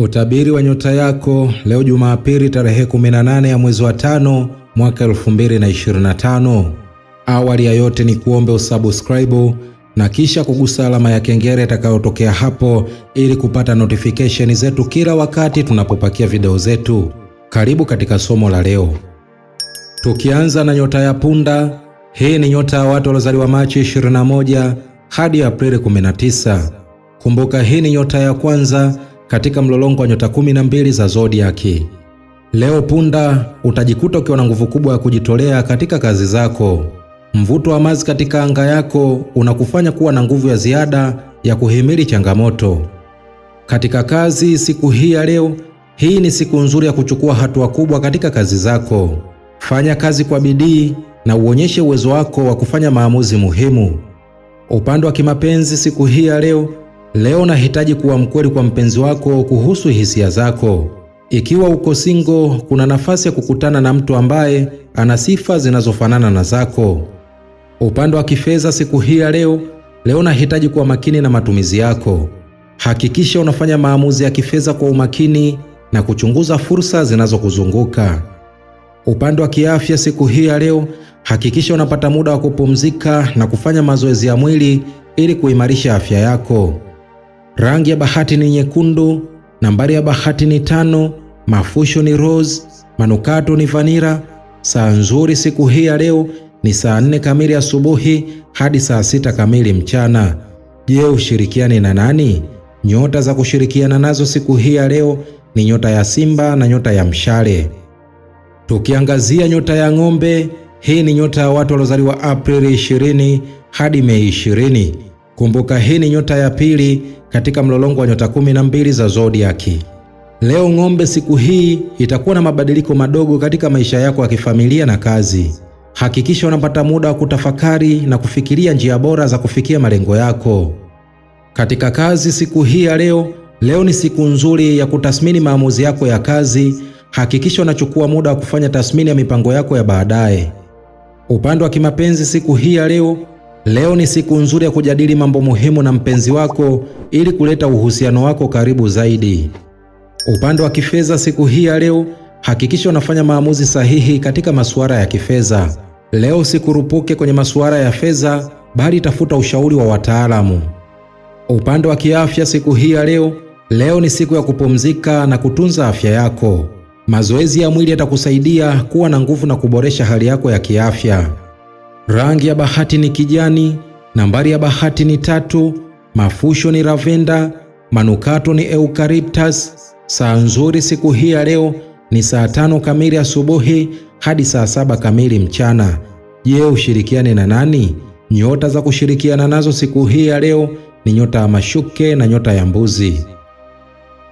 Utabiri wa nyota yako leo Jumapili tarehe 18 ya mwezi wa tano mwaka 2025. Awali ya yote ni kuombe usubscribe na kisha kugusa alama ya kengele itakayotokea hapo ili kupata notification zetu kila wakati tunapopakia video zetu. Karibu katika somo la leo. Tukianza na nyota ya punda, hii ni nyota ya watu waliozaliwa Machi 21 hadi Aprili 19. Kumbuka hii ni nyota ya kwanza katika mlolongo wa nyota kumi na mbili za zodiaki. Leo punda, utajikuta ukiwa na nguvu kubwa ya kujitolea katika kazi zako. Mvuto wa Mars katika anga yako unakufanya kuwa na nguvu ya ziada ya kuhimili changamoto katika kazi. Siku hii ya leo, hii ni siku nzuri ya kuchukua hatua kubwa katika kazi zako. Fanya kazi kwa bidii na uonyeshe uwezo wako wa kufanya maamuzi muhimu. Upande wa kimapenzi, siku hii ya leo Leo unahitaji kuwa mkweli kwa mpenzi wako kuhusu hisia zako. Ikiwa uko single, kuna nafasi ya kukutana na mtu ambaye ana sifa zinazofanana na zako. Upande wa kifedha siku hii ya leo, leo nahitaji kuwa makini na matumizi yako. Hakikisha unafanya maamuzi ya kifedha kwa umakini na kuchunguza fursa zinazokuzunguka. Upande wa kiafya siku hii ya leo, hakikisha unapata muda wa kupumzika na kufanya mazoezi ya mwili ili kuimarisha afya yako rangi ya bahati ni nyekundu, nambari ya bahati ni tano, mafusho ni rose, manukato ni vanira. Saa nzuri siku hii ya leo ni saa nne kamili asubuhi hadi saa sita kamili mchana. Je, ushirikiane na nani? Nyota za kushirikiana nazo siku hii ya leo ni nyota ya Simba na nyota ya Mshale. Tukiangazia nyota ya Ng'ombe, hii ni nyota ya watu waliozaliwa Aprili 20 hadi Mei 20. Kumbuka, hii ni nyota ya pili katika mlolongo wa nyota kumi na mbili za zodiaki. Leo ng'ombe, siku hii itakuwa na mabadiliko madogo katika maisha yako ya kifamilia na kazi. Hakikisha unapata muda wa kutafakari na kufikiria njia bora za kufikia malengo yako. Katika kazi siku hii ya leo, leo ni siku nzuri ya kutathmini maamuzi yako ya kazi. Hakikisha unachukua muda wa kufanya tathmini ya mipango yako ya baadaye. Upande wa kimapenzi siku hii ya leo, Leo ni siku nzuri ya kujadili mambo muhimu na mpenzi wako ili kuleta uhusiano wako karibu zaidi. Upande wa kifedha, siku hii ya leo, hakikisha unafanya maamuzi sahihi katika masuala ya kifedha. Leo sikurupuke kwenye masuala ya fedha, bali tafuta ushauri wa wataalamu. Upande wa kiafya, siku hii ya leo, leo ni siku ya kupumzika na kutunza afya yako. Mazoezi ya mwili yatakusaidia kuwa na nguvu na kuboresha hali yako ya kiafya rangi ya bahati ni kijani, nambari ya bahati ni tatu, mafusho ni ravenda, manukato ni eucalyptus. Saa nzuri siku hii ya leo ni saa tano kamili asubuhi hadi saa saba kamili mchana. Je, ushirikiane na nani? Nyota za kushirikiana nazo siku hii ya leo ni nyota ya mashuke na nyota ya mbuzi.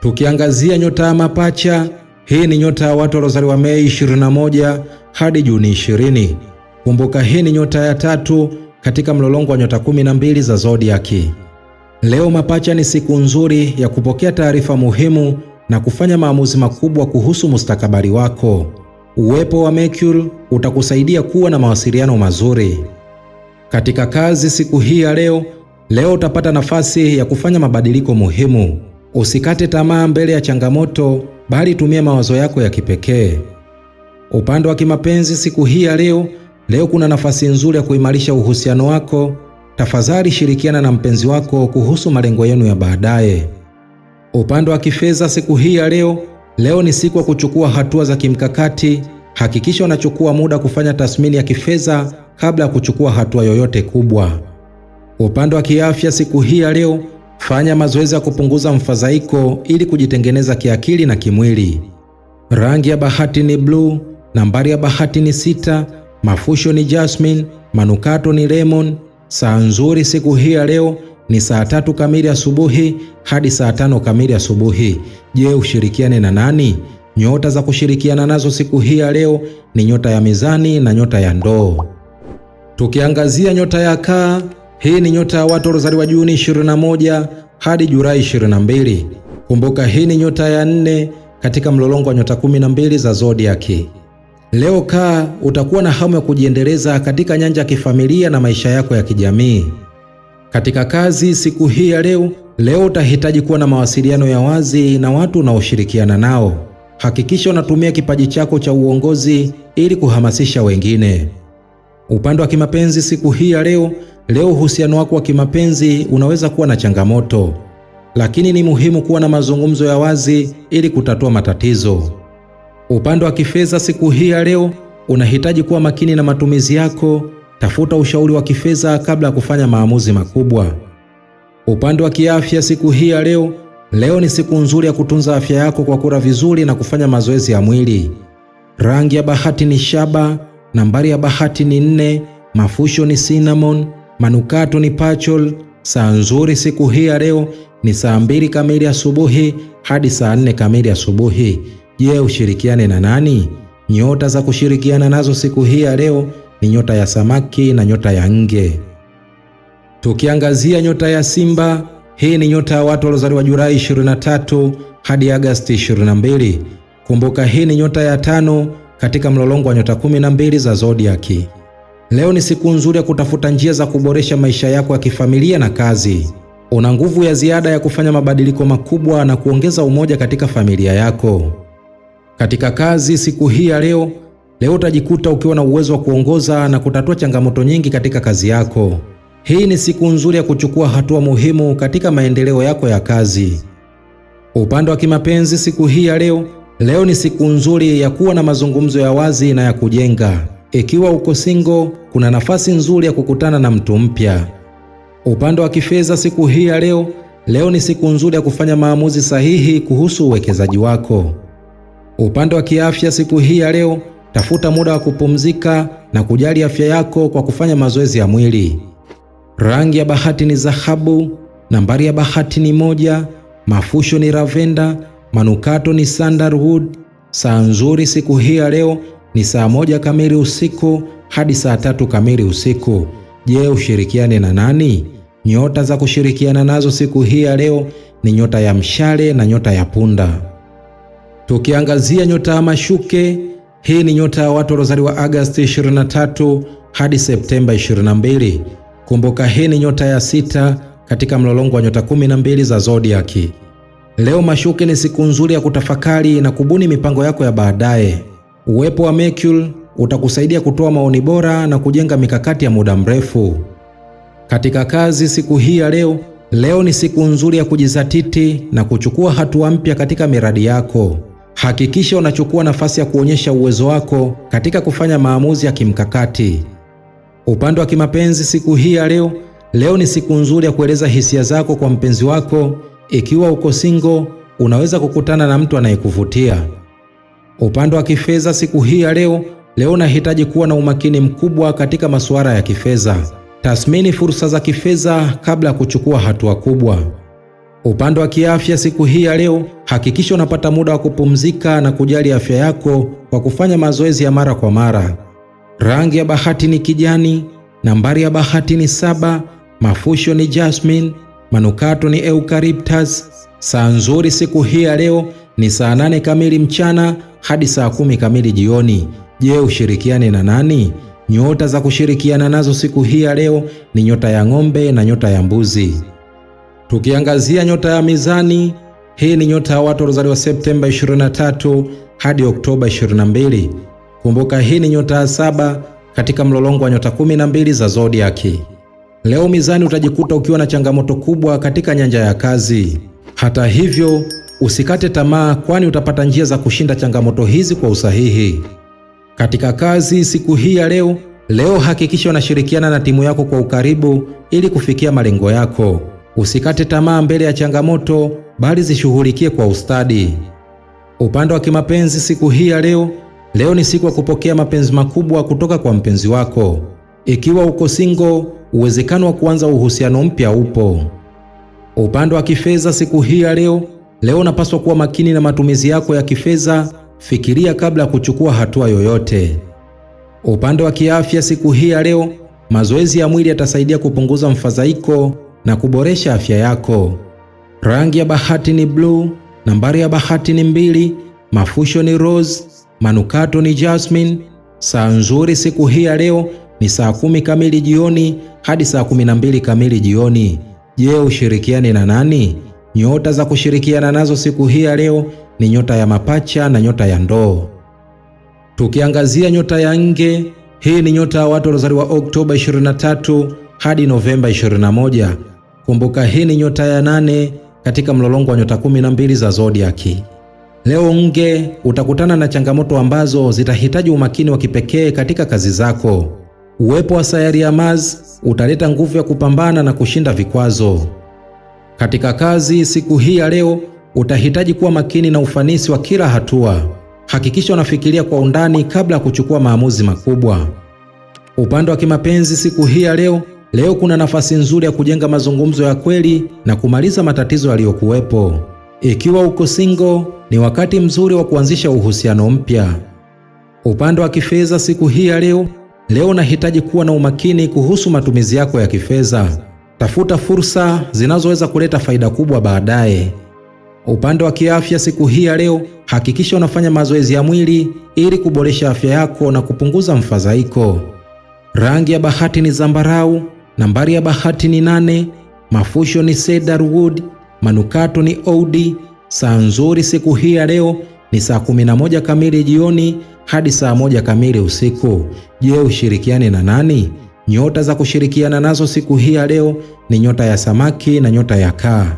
Tukiangazia nyota ya mapacha, hii ni nyota ya watu waliozaliwa Mei 21 hadi Juni Kumbuka hii ni nyota ya tatu katika mlolongo wa nyota kumi na mbili za zodiaki. Leo mapacha, ni siku nzuri ya kupokea taarifa muhimu na kufanya maamuzi makubwa kuhusu mustakabali wako. Uwepo wa Mercury utakusaidia kuwa na mawasiliano mazuri katika kazi siku hii ya leo. Leo utapata nafasi ya kufanya mabadiliko muhimu. Usikate tamaa mbele ya changamoto, bali tumia mawazo yako ya kipekee. Upande wa kimapenzi siku hii ya leo Leo kuna nafasi nzuri ya kuimarisha uhusiano wako. Tafadhali shirikiana na mpenzi wako kuhusu malengo yenu ya baadaye. Upande wa kifedha siku hii ya leo, leo ni siku ya kuchukua hatua za kimkakati. Hakikisha unachukua muda kufanya tathmini ya kifedha kabla ya kuchukua hatua yoyote kubwa. Upande wa kiafya siku hii ya leo, fanya mazoezi ya kupunguza mfadhaiko ili kujitengeneza kiakili na kimwili. Rangi ya bahati ni bluu. Nambari ya bahati ni sita. Mafusho ni jasmine, manukato ni lemon. Saa nzuri siku hii ya leo ni saa tatu kamili asubuhi hadi saa tano kamili asubuhi. Je, ushirikiane na nani? Nyota za kushirikiana nazo siku hii ya leo ni nyota ya mizani na nyota ya ndoo. Tukiangazia nyota ya kaa, hii ni nyota ya watu waliozaliwa Juni 21 hadi Julai 22. Kumbuka hii ni nyota ya nne katika mlolongo wa nyota 12 za zodiaki. Leo kaa utakuwa na hamu ya kujiendeleza katika nyanja ya kifamilia na maisha yako ya kijamii. Katika kazi siku hii ya leo, leo utahitaji kuwa na mawasiliano ya wazi na watu unaoshirikiana nao. Hakikisha unatumia kipaji chako cha uongozi ili kuhamasisha wengine. Upande wa kimapenzi siku hii ya leo, leo uhusiano wako wa kimapenzi unaweza kuwa na changamoto, lakini ni muhimu kuwa na mazungumzo ya wazi ili kutatua matatizo. Upande wa kifedha siku hii ya leo unahitaji kuwa makini na matumizi yako. Tafuta ushauri wa kifedha kabla ya kufanya maamuzi makubwa. Upande wa kiafya siku hii ya leo, leo ni siku nzuri ya kutunza afya yako kwa kula vizuri na kufanya mazoezi ya mwili. Rangi ya bahati ni shaba, nambari ya bahati ni nne, mafusho ni cinnamon, manukato ni pachol. Saa nzuri siku hii ya leo ni saa mbili kamili asubuhi hadi saa nne kamili asubuhi. Je, ushirikiane na nani? Nyota za kushirikiana nazo siku hii ya leo ni nyota ya samaki na nyota ya nge. Tukiangazia nyota ya Simba, hii ni nyota ya watu waliozaliwa Julai 23 hadi Agasti 22. Kumbuka, hii ni nyota ya tano katika mlolongo wa nyota 12 za zodiaki. Leo ni siku nzuri ya kutafuta njia za kuboresha maisha yako ya kifamilia na kazi. Una nguvu ya ziada ya kufanya mabadiliko makubwa na kuongeza umoja katika familia yako. Katika kazi siku hii ya leo, leo utajikuta ukiwa na uwezo wa kuongoza na kutatua changamoto nyingi katika kazi yako. Hii ni siku nzuri ya kuchukua hatua muhimu katika maendeleo yako ya kazi. Upande wa kimapenzi siku hii ya leo, leo ni siku nzuri ya kuwa na mazungumzo ya wazi na ya kujenga. Ikiwa uko single, kuna nafasi nzuri ya kukutana na mtu mpya. Upande wa kifedha siku hii ya leo, leo ni siku nzuri ya kufanya maamuzi sahihi kuhusu uwekezaji wako. Upande wa kiafya siku hii ya leo, tafuta muda wa kupumzika na kujali afya yako kwa kufanya mazoezi ya mwili. Rangi ya bahati ni dhahabu, nambari ya bahati ni moja, mafusho ni ravenda, manukato ni sandalwood. Saa nzuri siku hii ya leo ni saa moja kamili usiku hadi saa tatu kamili usiku. Je, ushirikiane na nani? Nyota za kushirikiana nazo siku hii ya leo ni nyota ya mshale na nyota ya punda tukiangazia nyota ya mashuke. Hii ni nyota ya watu waliozaliwa Agosti 23 hadi Septemba 22. Kumbuka, hii ni nyota ya sita katika mlolongo wa nyota 12 za zodiaki. Leo mashuke, ni siku nzuri ya kutafakari na kubuni mipango yako ya baadaye. Uwepo wa Mercury utakusaidia kutoa maoni bora na kujenga mikakati ya muda mrefu. Katika kazi siku hii ya leo, leo ni siku nzuri ya kujizatiti na kuchukua hatua mpya katika miradi yako. Hakikisha unachukua nafasi ya kuonyesha uwezo wako katika kufanya maamuzi ya kimkakati. Upande wa kimapenzi siku hii ya leo, leo ni siku nzuri ya kueleza hisia zako kwa mpenzi wako. Ikiwa uko single, unaweza kukutana na mtu anayekuvutia. Upande wa kifedha siku hii ya leo, leo unahitaji kuwa na umakini mkubwa katika masuala ya kifedha. Tathmini fursa za kifedha kabla ya kuchukua hatua kubwa. Upande wa kiafya siku hii ya leo, Hakikisha unapata muda wa kupumzika na kujali afya yako kwa kufanya mazoezi ya mara kwa mara. Rangi ya bahati ni kijani, nambari ya bahati ni saba, mafusho ni jasmine, manukato ni eucalyptus. Saa nzuri siku hii ya leo ni saa nane kamili mchana hadi saa kumi kamili jioni. Je, ushirikiane na nani? Nyota za kushirikiana nazo siku hii ya leo ni nyota ya ng'ombe na nyota ya mbuzi. Tukiangazia nyota ya mizani hii ni nyota ya watu waliozaliwa Septemba 23 hadi Oktoba 22. Kumbuka hii ni nyota ya saba katika mlolongo wa nyota 12 za zodiaki. Leo mizani, utajikuta ukiwa na changamoto kubwa katika nyanja ya kazi. Hata hivyo, usikate tamaa, kwani utapata njia za kushinda changamoto hizi kwa usahihi. Katika kazi siku hii ya leo, leo hakikisha unashirikiana na timu yako kwa ukaribu ili kufikia malengo yako. Usikate tamaa mbele ya changamoto, bali zishughulikie kwa ustadi. Upande wa kimapenzi siku hii ya leo, leo ni siku ya kupokea mapenzi makubwa kutoka kwa mpenzi wako. Ikiwa uko single, uwezekano wa kuanza uhusiano mpya upo. Upande wa kifedha siku hii ya leo, leo unapaswa kuwa makini na matumizi yako ya kifedha. Fikiria kabla ya kuchukua hatua yoyote. Upande wa kiafya siku hii ya leo, mazoezi ya mwili yatasaidia kupunguza mfadhaiko na kuboresha afya yako. Rangi ya bahati ni bluu, nambari ya bahati ni mbili, mafusho ni rose, manukato ni jasmine. Saa nzuri siku hii ya leo ni saa kumi kamili jioni hadi saa kumi na mbili kamili jioni. Je, ushirikiane na nani? Nyota za kushirikiana nazo siku hii ya leo ni nyota ya mapacha na nyota ya ndoo. Tukiangazia nyota ya nge, hii ni nyota ya watu waliozaliwa Oktoba 23 hadi Novemba 21. Kumbuka hii ni nyota ya nane katika mlolongo wa nyota kumi na mbili za zodiaki. Leo nge, utakutana na changamoto ambazo zitahitaji umakini wa kipekee katika kazi zako. Uwepo wa sayari ya Mars utaleta nguvu ya kupambana na kushinda vikwazo. Katika kazi siku hii ya leo, utahitaji kuwa makini na ufanisi wa kila hatua. Hakikisha unafikiria kwa undani kabla ya kuchukua maamuzi makubwa. Upande wa kimapenzi siku hii ya leo, Leo kuna nafasi nzuri ya kujenga mazungumzo ya kweli na kumaliza matatizo yaliyokuwepo. Ikiwa uko single, ni wakati mzuri wa kuanzisha uhusiano mpya. Upande wa kifedha siku hii ya leo, leo unahitaji kuwa na umakini kuhusu matumizi yako ya kifedha. Tafuta fursa zinazoweza kuleta faida kubwa baadaye. Upande wa kiafya siku hii ya leo, hakikisha unafanya mazoezi ya mwili ili kuboresha afya yako na kupunguza mfadhaiko. Rangi ya bahati ni zambarau. Nambari ya bahati ni nane, mafusho ni cedarwood, manukato ni oudi. Saa nzuri siku hii ya leo ni saa 11 kamili jioni hadi saa moja kamili usiku. Je, ushirikiane na nani? Nyota za kushirikiana nazo siku hii ya leo ni nyota ya samaki na nyota ya kaa.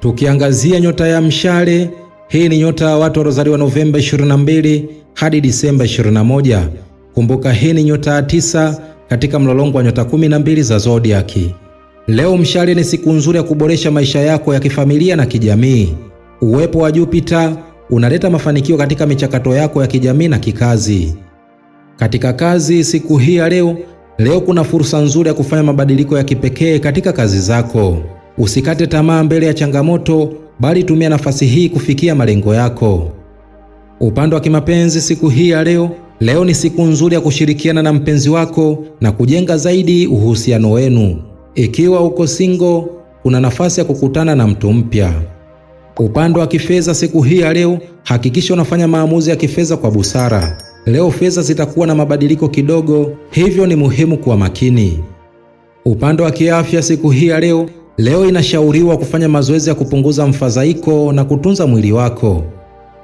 Tukiangazia nyota ya mshale, hii ni nyota ya watu waliozaliwa Novemba 22 hadi Disemba 21. Kumbuka hii ni nyota ya tisa katika mlolongo wa nyota 12 za zodiaki. Leo mshale ni siku nzuri ya kuboresha maisha yako ya kifamilia na kijamii. Uwepo wa Jupita unaleta mafanikio katika michakato yako ya kijamii na kikazi. Katika kazi siku hii ya leo, leo kuna fursa nzuri ya kufanya mabadiliko ya kipekee katika kazi zako. Usikate tamaa mbele ya changamoto, bali tumia nafasi hii kufikia malengo yako. Upande wa kimapenzi siku hii ya leo Leo ni siku nzuri ya kushirikiana na mpenzi wako na kujenga zaidi uhusiano wenu. Ikiwa uko singo, kuna nafasi ya kukutana na mtu mpya. Upande wa kifedha siku hii ya leo, hakikisha unafanya maamuzi ya kifedha kwa busara. Leo fedha zitakuwa na mabadiliko kidogo, hivyo ni muhimu kuwa makini. Upande wa kiafya siku hii ya leo, leo inashauriwa kufanya mazoezi ya kupunguza mfadhaiko na kutunza mwili wako.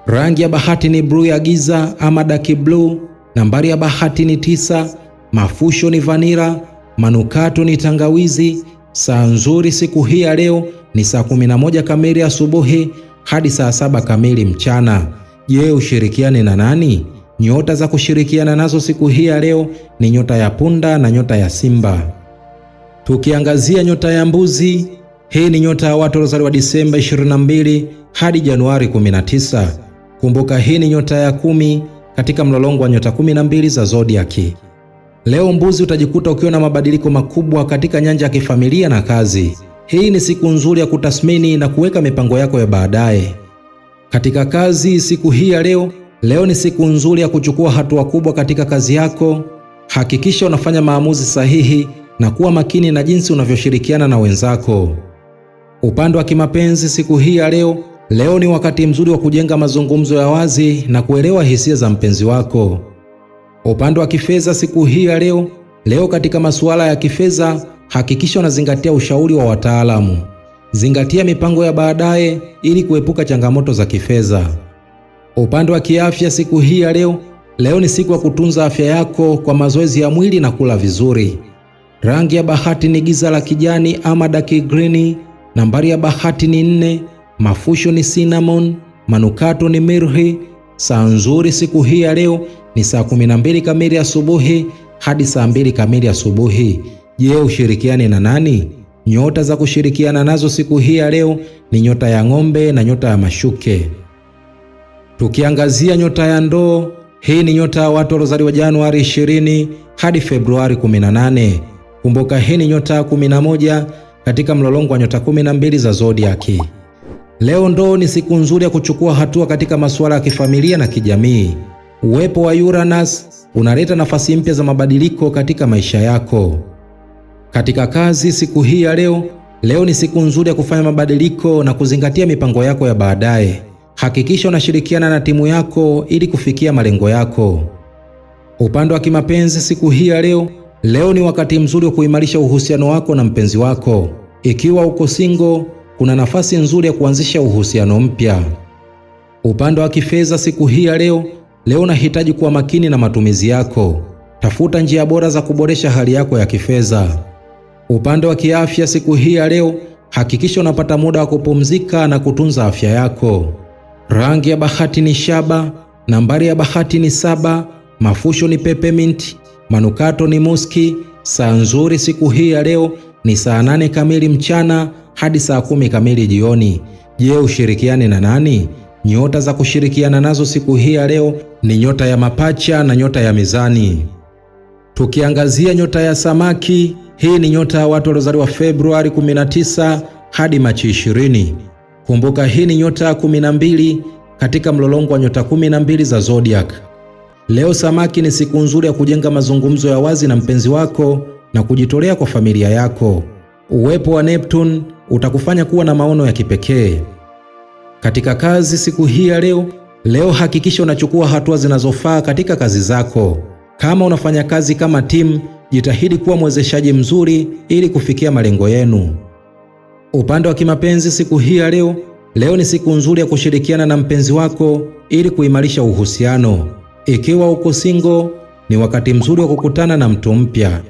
Rangi ya bahati ni bluu ya giza ama dark blue. Nambari ya bahati ni tisa. Mafusho ni vanira. Manukato ni tangawizi. Saa nzuri siku hii ya leo ni saa 11 kamili asubuhi hadi saa saba kamili mchana. Je, ushirikiane na nani? Nyota za kushirikiana nazo siku hii ya leo ni nyota ya punda na nyota ya simba. Tukiangazia nyota ya mbuzi, hii ni nyota ya watu waliozaliwa Disemba 22 hadi Januari 19. Kumbuka hii ni nyota ya kumi katika mlolongo wa nyota kumi na mbili za zodiaki. Leo mbuzi, utajikuta ukiwa na mabadiliko makubwa katika nyanja ya kifamilia na kazi. Hii ni siku nzuri ya kutathmini na kuweka mipango yako ya baadaye. Katika kazi siku hii ya leo, leo ni siku nzuri ya kuchukua hatua kubwa katika kazi yako. Hakikisha unafanya maamuzi sahihi na kuwa makini na jinsi unavyoshirikiana na wenzako. Upande wa kimapenzi siku hii ya leo, Leo ni wakati mzuri wa kujenga mazungumzo ya wazi na kuelewa hisia za mpenzi wako. Upande wa kifedha siku hii ya leo, leo katika masuala ya kifedha, hakikisha unazingatia ushauri wa wataalamu. Zingatia mipango ya baadaye ili kuepuka changamoto za kifedha. Upande wa kiafya siku hii ya leo, leo ni siku ya kutunza afya yako kwa mazoezi ya mwili na kula vizuri. Rangi ya bahati ni giza la kijani ama dark green. Nambari ya bahati ni nne mafusho ni cinnamon, manukato ni mirhi. Saa nzuri siku hii ya leo ni saa 12 kamili asubuhi hadi saa 2 kamili asubuhi. Je, ushirikiane na nani? Nyota za kushirikiana nazo siku hii ya leo ni nyota ya ng'ombe na nyota ya mashuke. Tukiangazia nyota ya ndoo, hii ni nyota ya watu waliozaliwa Januari 20 hadi Februari 18. Kumbuka, hii ni nyota ya 11 katika mlolongo wa nyota 12 za zodiaki. Leo ndo ni siku nzuri ya kuchukua hatua katika masuala ya kifamilia na kijamii. Uwepo wa Uranus unaleta nafasi mpya za mabadiliko katika maisha yako. Katika kazi siku hii ya leo, leo ni siku nzuri ya kufanya mabadiliko na kuzingatia mipango yako ya baadaye. Hakikisha unashirikiana na timu yako ili kufikia malengo yako. Upande wa kimapenzi siku hii ya leo, leo ni wakati mzuri wa kuimarisha uhusiano wako na mpenzi wako. Ikiwa uko single, kuna nafasi nzuri ya kuanzisha uhusiano mpya. Upande wa kifedha siku hii ya leo, leo unahitaji kuwa makini na matumizi yako. Tafuta njia bora za kuboresha hali yako ya kifedha. Upande wa kiafya siku hii ya leo, hakikisha unapata muda wa kupumzika na kutunza afya yako. Rangi ya bahati ni shaba, nambari ya bahati ni saba, mafusho ni peppermint, manukato ni muski. Saa nzuri siku hii ya leo ni saa nane kamili mchana hadi saa kumi kamili jioni. Je, ushirikiane na nani? Nyota za kushirikiana nazo siku hii ya leo ni nyota ya mapacha na nyota ya mizani. Tukiangazia nyota ya samaki, hii ni nyota ya watu waliozaliwa Februari 19 hadi Machi 20. Kumbuka hii ni nyota ya 12 katika mlolongo wa nyota 12 za zodiac. Leo samaki, ni siku nzuri ya kujenga mazungumzo ya wazi na mpenzi wako na kujitolea kwa familia yako. Uwepo wa Neptune utakufanya kuwa na maono ya kipekee katika kazi siku hii ya leo. Leo hakikisha unachukua hatua zinazofaa katika kazi zako. Kama unafanya kazi kama timu, jitahidi kuwa mwezeshaji mzuri ili kufikia malengo yenu. Upande wa kimapenzi siku hii ya leo, leo ni siku nzuri ya kushirikiana na mpenzi wako ili kuimarisha uhusiano. Ikiwa uko single, ni wakati mzuri wa kukutana na mtu mpya.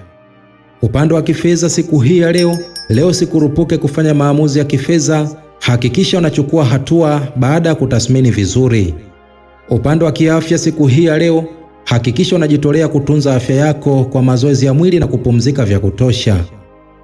Upande wa kifedha siku hii ya leo, leo sikurupuke kufanya maamuzi ya kifedha, hakikisha unachukua hatua baada ya kutathmini vizuri. Upande wa kiafya siku hii ya leo, hakikisha unajitolea kutunza afya yako kwa mazoezi ya mwili na kupumzika vya kutosha.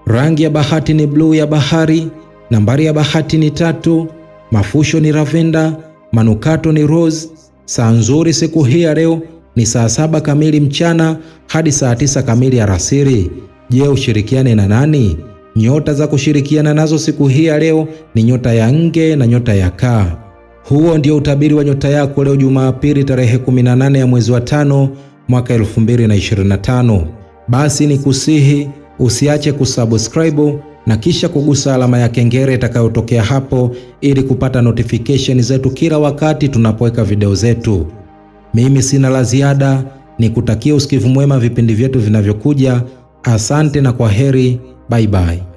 Rangi ya bahati ni bluu ya bahari, nambari ya bahati ni tatu, mafusho ni lavenda, manukato ni rose. Saa nzuri siku hii ya leo ni saa saba kamili mchana hadi saa tisa kamili alasiri. Je, ushirikiane na nani? Nyota za kushirikiana nazo siku hii ya leo ni nyota ya nge na nyota ya kaa. Huo ndio utabiri wa nyota yako leo Jumapili tarehe 18 ya mwezi wa tano mwaka 2025. Basi ni kusihi usiache kusubscribe na kisha kugusa alama ya kengele itakayotokea hapo ili kupata notification zetu kila wakati tunapoweka video zetu. Mimi sina la ziada, ni kutakia usikivu mwema vipindi vyetu vinavyokuja. Asante na kwa heri, bye bye.